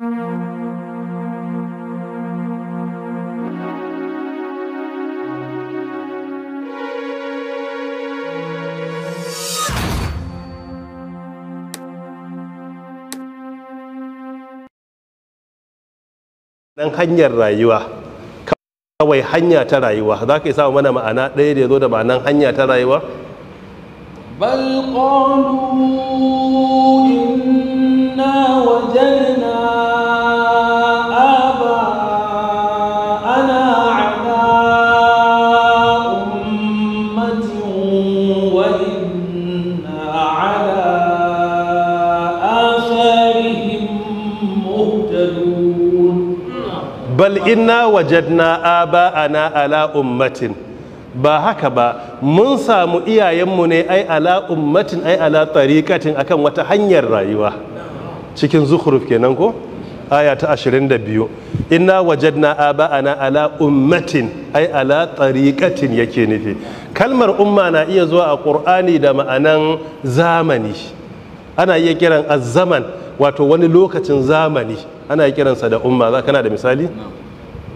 dan hanyar rayuwa kawai hanya ta rayuwa za ka yi samu mana ma'ana ɗaya da ya zo da ma'anan hanya ta rayuwa bal bal inna wajadna aba'ana ala Ala'ummatin? ba haka ba mun samu iyayenmu ne ai Ala'ummatin, ai ala tariqatin akan wata hanyar rayuwa cikin zukhruf kenan ko aya ta 22 inna wajadna aba'ana ala ummatin ai ala tariqatin yake nufi kalmar umma na iya zuwa a qur'ani da ma'anan zamani ana iya kiran azzaman wato wani lokacin zamani ana iya kiransa da umma za kana da misali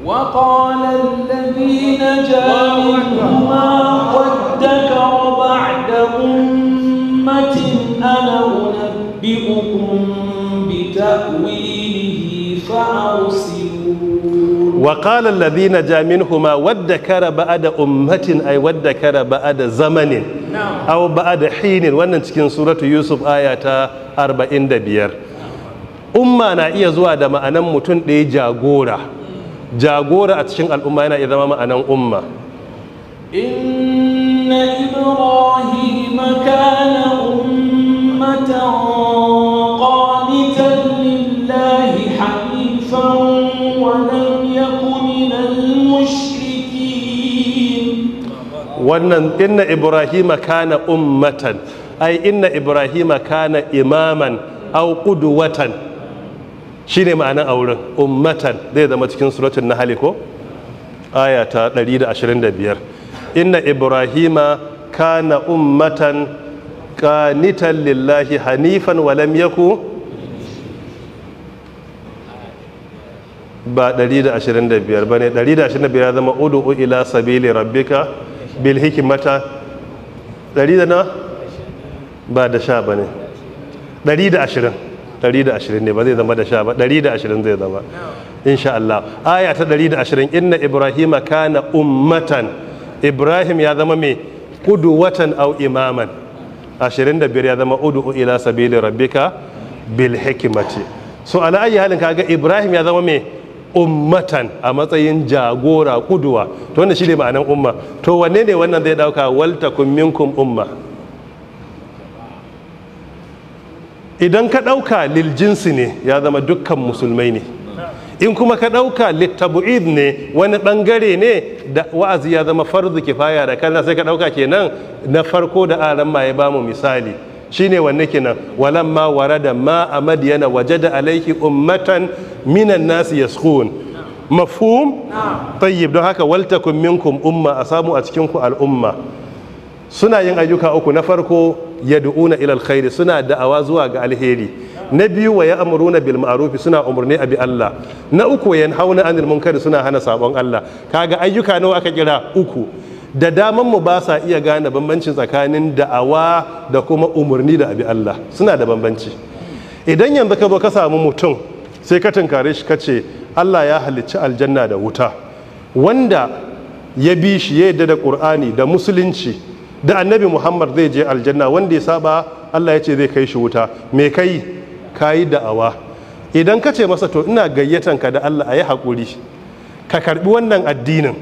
وقال الذي نجا منهما وادكر wa qala alladhina jaminhuma wadda kara ba'ada ummatin ay wadda kara ba'ada zamanin aw ba'ada hinin wannan cikin suratu yusuf aya ta biyar. umma na iya zuwa da ma'anan mutum ɗaya jagora jagora a cikin al'umma yana iya zama ma'anan umma inna wannan inna ibrahima kana ummatan ai inna ibrahima kana imaman au qudwatan shine a auren ummatan zai zama cikin suratul nahl ko aya ta 125 inna ibrahima kana ummatan qanitan lillahi hanifan wa lam yaku ba 125 bane 125 ya zama udu ila sabili rabbika bil hikimata ɗari da na ba da sha ba ne ɗari da ashirin ɗari da ashirin ne ba zai zama da sha ba ɗari da ashirin zai zama insha Allah aya ta ɗari da ashirin inna ibrahima kana ummatan ibrahim ya zama mai watan au imaman ashirin da biyar ya zama udu ila sabili rabbika bil hikimati so ala ayi halin kaga ibrahim ya zama mai ummatan a matsayin jagora kuduwa to shi ne ma'anan umma to wanne ne wannan zai dauka walta minkum umma idan ka dauka lil jinsi ne ya zama dukkan musulmai ne in kuma ka dauka littabu'id ne wani bangare ne da wa'azi ya zama farzu kifaya da kana sai ka dauka kenan na farko da aran ma ya bamu misali shine wanne kenan walamma warada ma a waje da alaiki ummatan minan nasi yaskhun mafhum tayyib don haka waltakun ku umma a samu a cikin ku al'umma suna yin ayyuka uku na farko yad'una ila alkhairi suna da'awa zuwa ga alheri na biyu wa ya'muruna bil ma'ruf suna umurni abi Allah na uku yanhauna anil munkari suna hana sabon Allah kaga ayyuka nawa aka kira uku da daman mu ba sa iya gane bambanci tsakanin da'awa da kuma umurni da abi Allah suna da bambanci idan yanzu ka zo ka samu mutum sai ka tunkare shi ka ce Allah ya halicci aljanna da wuta wanda ya bi shi ya yadda da ƙur'ani da musulunci da annabi muhammad zai je aljanna wanda ya saba Allah ya ce zai kai shi wuta mai kai ka yi da'awa idan ka ce masa to ina gayyatan ka da Allah a yi haƙuri ka karɓi wannan addinin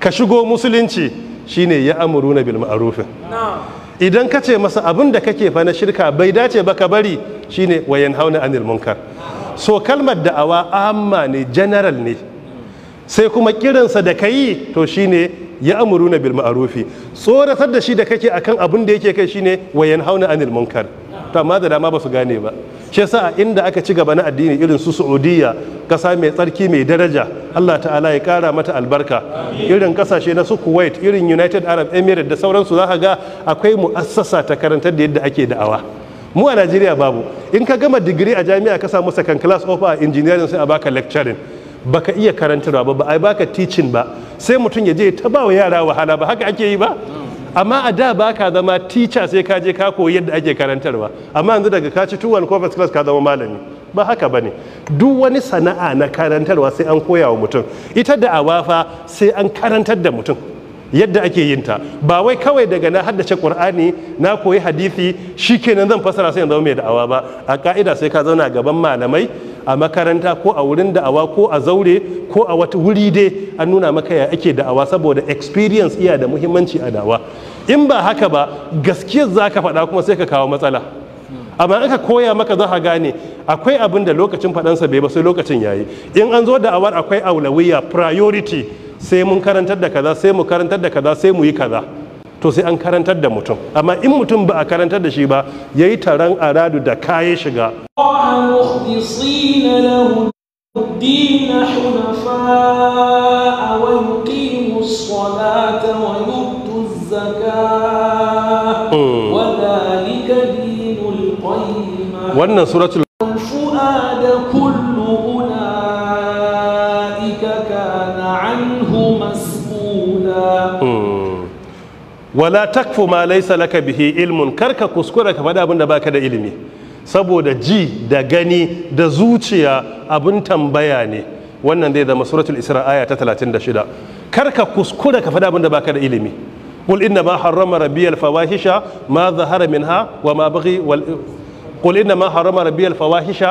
ka shigo musulunci shine ya amuruna bil ma'arufin idan ka ce masa abin da kake fa na shirka bai dace ba ka bari shine wayan hauna anil munkar so kalmar da'awa amma ne general ne sai kuma kiransa da ka yi to shine ya amuru na bilma'arufi tsoratar da shi da kake akan abin da yake kai shine wayan hauna anil munkar to amma da dama ba su gane ba shi a inda aka ci gaba na addini irin su Saudiya kasa mai tsarki mai daraja Allah ta'ala ya kara mata albarka irin kasashe na su Kuwait irin United Arab Emirates da sauransu za ka ga akwai mu'assasa ta karantar da yadda ake da'awa mu a najeriya babu in ka gama digiri a jami'a ka samu second class offer a engineering sai a baka lecturing baka iya karantarwa ba ba a baka teaching ba sai mutum ya je ta ba wa yara wahala ba haka ake yi ba amma a da ba ka zama teacher sai ka je ka koyi yadda ake karantarwa amma yanzu daga ka ci tuwon ko class ka zama malami ba haka bane duk wani sana'a na karantarwa sai an koya wa mutum ita da awafa sai an karantar da mutum yadda ake yin ta ba wai kawai daga na haddace qur'ani na koyi hadisi shikenan zan fasara sai zama mai da'awa ba a ka'ida sai ka zauna gaban malamai a makaranta ko a wurin da'awa ko a zaure ko a wata wuri dai an nuna maka ya ake da'awa saboda experience iya da muhimmanci a da'awa in ba haka ba gaskiyar za ka faɗa kuma sai ka kawo matsala amma aka koya maka za ka gane akwai abin da lokacin faɗansa bai ba sai lokacin yayi in an zo da'awar akwai aulawiya priority sai mun karantar da kaza sai mu karantar da kaza sai mu yi kaza to sai an karantar da mutum amma in mutum ba a karantar da shi ba ya yi taron aradu da kaye shiga wannan suratul wala takfu ma laysa laka bihi ilmun karka kuskura ka faɗa abin da baka da ilimi saboda ji da gani da zuciya abin tambaya ne wannan zai zama suratul isra aya ta 36 karka kuskura ka faɗa abin da baka da ilimi قل إنما حرم ربي الفواحش ما ظهر منها وما بغي وال... قل إنما حرم ربي الفواحش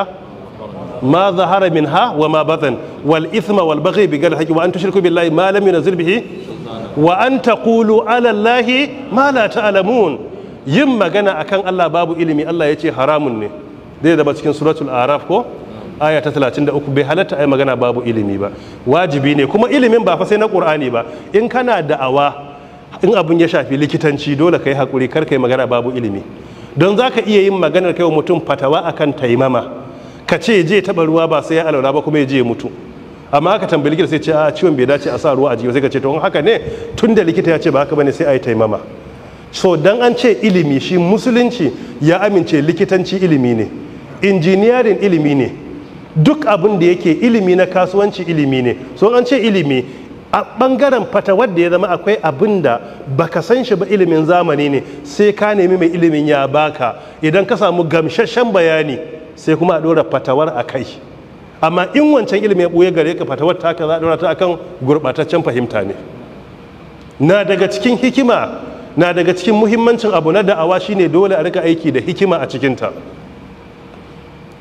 ما ظهر منها وما بطن والإثم والبغي وأن تشركوا بالله ما لم ينزل به wa an ta kulu alallahi ma la alamun yin magana akan Allah babu ilimi Allah ya ce haramun ne zai zama cikin suratul araf ko aya ta 33 bai halatta ai magana babu ilimi ba wajibi ne kuma ilimin ba fa sai na qur'ani ba in kana da'awa in abin ya shafi likitanci dole ka yi hakuri kar ka yi magana babu ilimi don za ka iya yin maganar kai wa mutum fatawa akan taimama ka ce je taɓa ruwa ba sai ya alaura ba kuma ya je mutu amma aka tambayi likita sai ce a ah, ciwon bai dace a sa ruwa a jiki sai ka ce to haka ne tun da likita ya ce ba haka bane sai a yi taimama so dan an ce ilimi shi musulunci ya amince likitanci ilimi ne injiniyarin ilimi ne duk abin da yake ilimi na kasuwanci ilimi ne so an ce ilimi a bangaren fata wadda ya zama akwai abin da baka san shi ba ilimin zamani ne sai ka nemi mai ilimin ya baka idan ka samu gamsasshen bayani sai kuma a ɗora fatawar a kai amma in wancan ilimi ya ɓoye gare ka ta ka za ta akan gurɓataccen fahimta ne na daga cikin hikima na daga cikin muhimmancin abu na da'awa shine dole a rika aiki da hikima a cikinta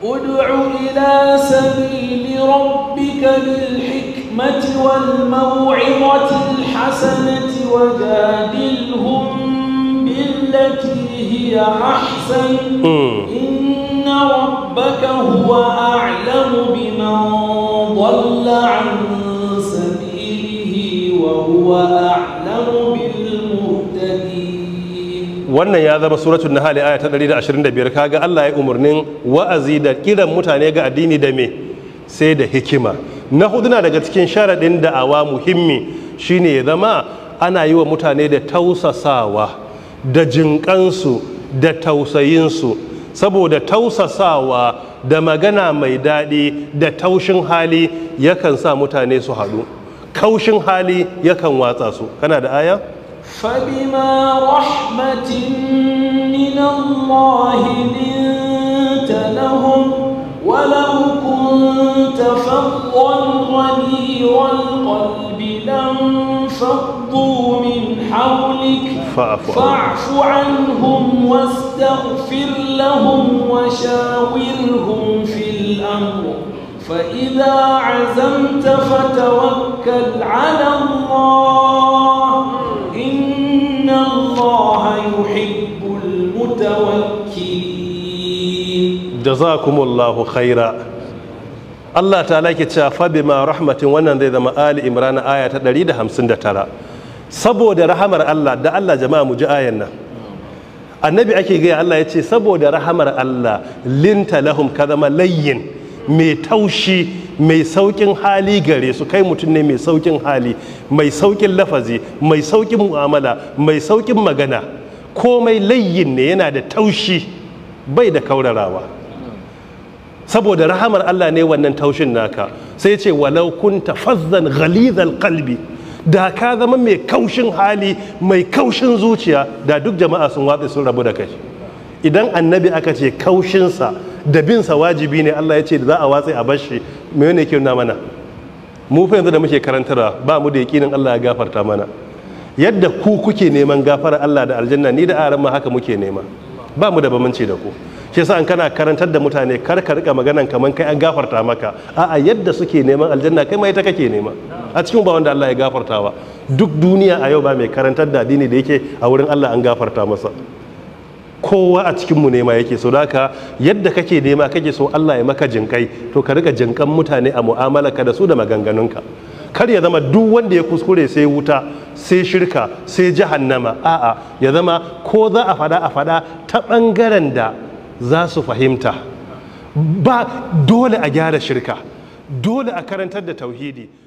ud'u ila sabili rabbika bil hikmati wal maw'izati al hasanati wajadilhum billati hiya ahsan hmm. ربك هو أعلم بمن ضل عن سبيله وهو أعلم wannan ya zama suratul nahl aya ta 125 kaga Allah ya umarnin wa'azi da kiran mutane ga addini da me sai da hikima na huduna daga cikin sharaɗin da'awa muhimmi shine ya zama ana yi wa mutane da tausasawa da jinƙansu da tausayinsu saboda tausasawa da magana mai daɗi da taushin hali yakan sa mutane su haɗu kaushin hali yakan watsa su kana da aya فبما رحمة من الله لنت لهم ولو كنت فظا غليظ القلب لانفضوا من حولك فاعف عنهم واستغفر لهم وشاورهم في الأمر فإذا عزمت فتوكل على الله إن الله يحب المتوكلين جزاكم الله خيرا الله تعالى كتشافى بما رحمة bima rahmatin wannan zai zama Ali Imran aya saboda rahamar Allah da Allah jama'a mu ji ayan nan annabi ake gaya Allah ya ce saboda rahamar Allah linta lahum ka zama layyin mai taushi mai saukin hali gare su kai mutum ne mai saukin hali mai saukin lafazi mai saukin mu'amala mai saukin magana komai layyin ne yana da taushi bai da kaurarawa saboda rahamar Allah ne wannan taushin naka sai ce walau kunta fazzan ghalizal qalbi da ka zama mai kaushin hali mai kaushin zuciya da duk jama'a sun watsa sun rabu da kai idan annabi aka ce kaushinsa da binsa wajibi ne Allah ya ce da za a watsa a bashi mai me ne ke nuna mana mu fa yanzu da muke karantarwa ba mu da yakinin Allah ya gafarta mana yadda ku kuke neman gafara Allah da aljanna ni da aran ma haka muke nema ba mu da bamanci da ku shi yasa an kana karantar da mutane kar ka rika maganan kaman kai an gafarta maka a'a yadda suke neman aljanna kai mai ita kake nema a cikin ba wanda Allah ya gafarta ba duk duniya a yau ba mai karantar da addini da yake a wurin Allah an gafarta masa kowa a cikin mu nema yake so haka yadda kake nema kake so Allah ya maka jinkai to ka rika jinkan mutane a mu'amala ka da su da maganganunka kar ya zama duk wanda ya kuskure sai wuta sai shirka sai jahannama a'a ya zama ko za a fada a fada ta bangaren da za su fahimta ba dole a gyara shirka dole a karantar da tauhidi